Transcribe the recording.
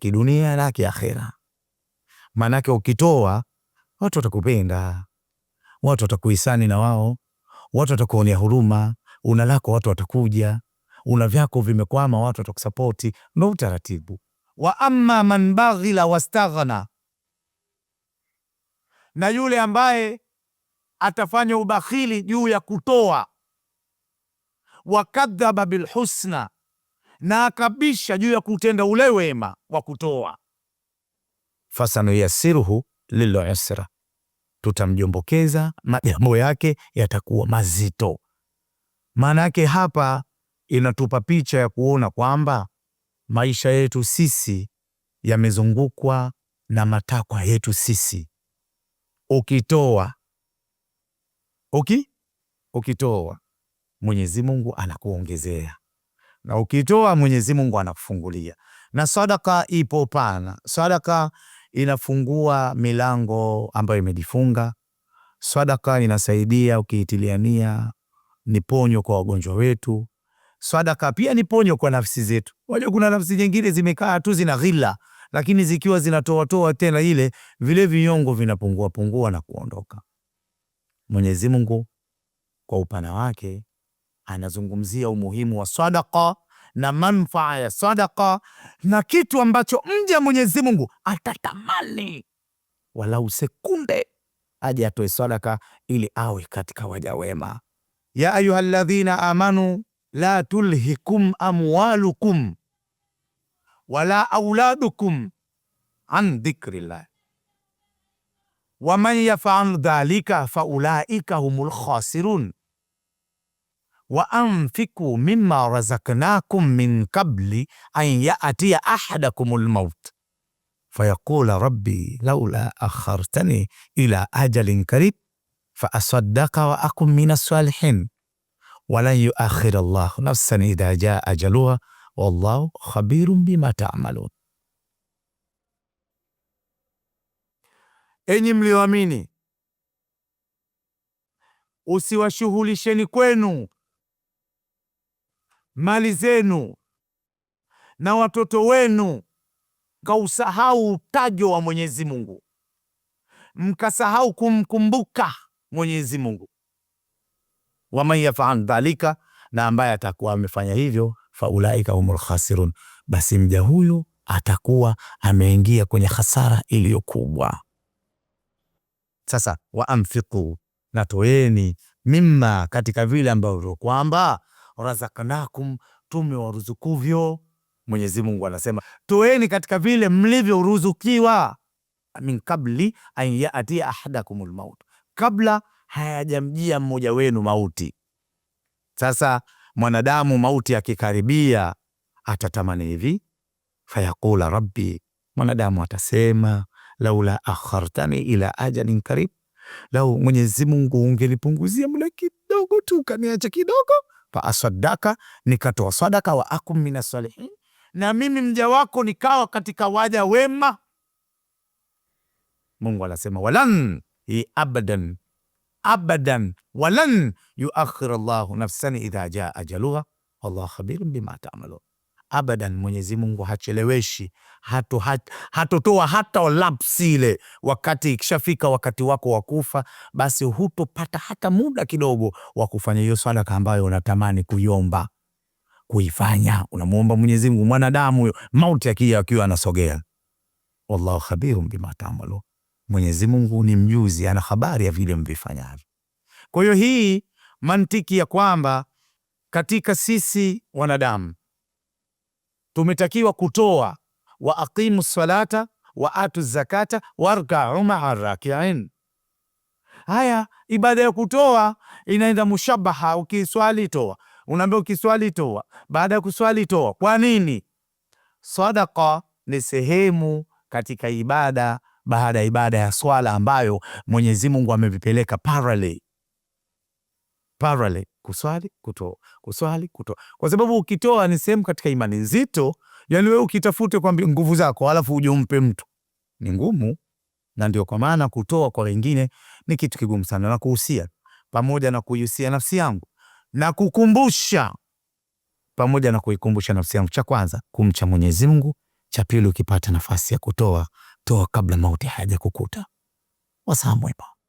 kidunia na kiakhera. Maanake ukitoa watu watakupenda, watu watakuhisani na wao, watu watakuonea huruma, una lako watu watakuja, una vyako vimekwama, watu watakusapoti. Ndo utaratibu wa amma man baghila wastaghna, na yule ambaye atafanya ubakhili juu ya kutoa, wakadhaba bilhusna na akabisha juu ya kutenda ule wema wa kutoa. lilo liloyusra, tutamjombokeza majambo yake yatakuwa mazito. Maana yake hapa inatupa picha ya kuona kwamba maisha yetu sisi yamezungukwa na matakwa yetu sisi. Ukitoa uki ukitoa, Mwenyezi Mungu anakuongezea na ukitoa Mwenyezi Mungu anakufungulia. Na sadaka ipo pana, sadaka inafungua milango ambayo imejifunga. Sadaka inasaidia ukiitiliania, ni ponyo kwa wagonjwa wetu. Sadaka pia ni ponyo kwa nafsi zetu. Wajua, kuna nafsi nyingine zimekaa tu zina ghila, lakini zikiwa zinatoatoa tena ile vile vinyongo vinapungua pungua na kuondoka. Mwenyezi Mungu kwa upana wake anazungumzia umuhimu wa sadaka na manfaa ya sadaka na kitu ambacho mja Mwenyezi Mungu atatamani walau sekunde aje atoe sadaka ili awe katika waja wema. ya ayuha ladhina amanu la tulhikum amwalukum wala auladukum an dhikrillah waman yafal dhalika faulaika humul khasirun وأنفقوا مما رزقناكم من قبل أن يأتي أحدكم الموت فيقول ربي لولا أخرتني إلى أجل قريب فأصدق وأكن من الصالحين ولن يؤخر الله نفسا إذا جاء أجلها والله خبير بما تعملون Enyi mlioamini, usiwashughulisheni kwenu mali zenu na watoto wenu, mkausahau utajo wa Mwenyezi Mungu, mkasahau kumkumbuka Mwenyezi Mungu. Waman yafal dhalika, na ambaye atakuwa amefanya hivyo, faulaika humul khasirun, basi mja huyu atakuwa ameingia kwenye hasara kubwa Sasa waamfiku, natoeni mimma, katika vile ambavyo kwamba razaknakum, tumewaruzukuvyo. Mwenyezi Mungu anasema toeni katika vile mlivyoruzukiwa, min kabli an yatia ahadakum lmaut, kabla hayajamjia mmoja wenu mauti. Sasa mwanadamu mauti akikaribia, atatamani hivi, fayaqula rabbi, mwanadamu atasema laula akhartani ila ajalin karib, lau Mwenyezi Mungu ungenipunguzia mla kidogo tu, kaniacha kidogo faasadaka, nikatoa sadaka, wa akum mina salihin, na mimi mja wako nikawa katika waja wema. Mungu anasema walan hi abadan abadan walan yuakhir Allahu nafsan idha jaa ajaluha wallahu khabirun bima taamalun abadan. Mwenyezi Mungu hacheleweshi, hatotoa hata lapsi ile. Wakati ikishafika wakati wako wa kufa, basi hutopata hata muda kidogo wa kufanya hiyo sadaka ambayo unatamani kuiomba kuifanya. Unamwomba Mwenyezi Mwanadamu huyo mauti akija akiwa anasogea, wallahu khabirun bima tamalu Mwenyezi Mungu ni mjuzi, ana habari ya vile mvifanyavyo. Kwa hiyo hii mantiki ya kwamba katika sisi wanadamu tumetakiwa kutoa wa aqimu salata wa atu zakata warkau maa rakiin. Haya, ibada ya kutoa inaenda mushabaha. Ukiswali toa, unaambia ukiswali toa, baada ya kuswali toa. Kwa nini? Sadaqa ni sehemu katika ibada baada ya ibada ya swala ambayo Mwenyezi Mungu amevipeleka parallel parallel kuswali kutoa, kuswali kutoa, kwa sababu ukitoa ni sehemu katika imani nzito. Yani wewe ukitafute kwa nguvu zako alafu uje umpe mtu ni ngumu, na ndio kwa maana kutoa kwa wengine ni kitu kigumu sana, na kuhusia pamoja na kuihusia nafsi yangu na kukumbusha pamoja na kuikumbusha nafsi yangu, cha kwanza kumcha Mwenyezi Mungu, cha pili ukipata nafasi ya kutoa toa kabla mauti hayajakukuta. Wasaa mwema.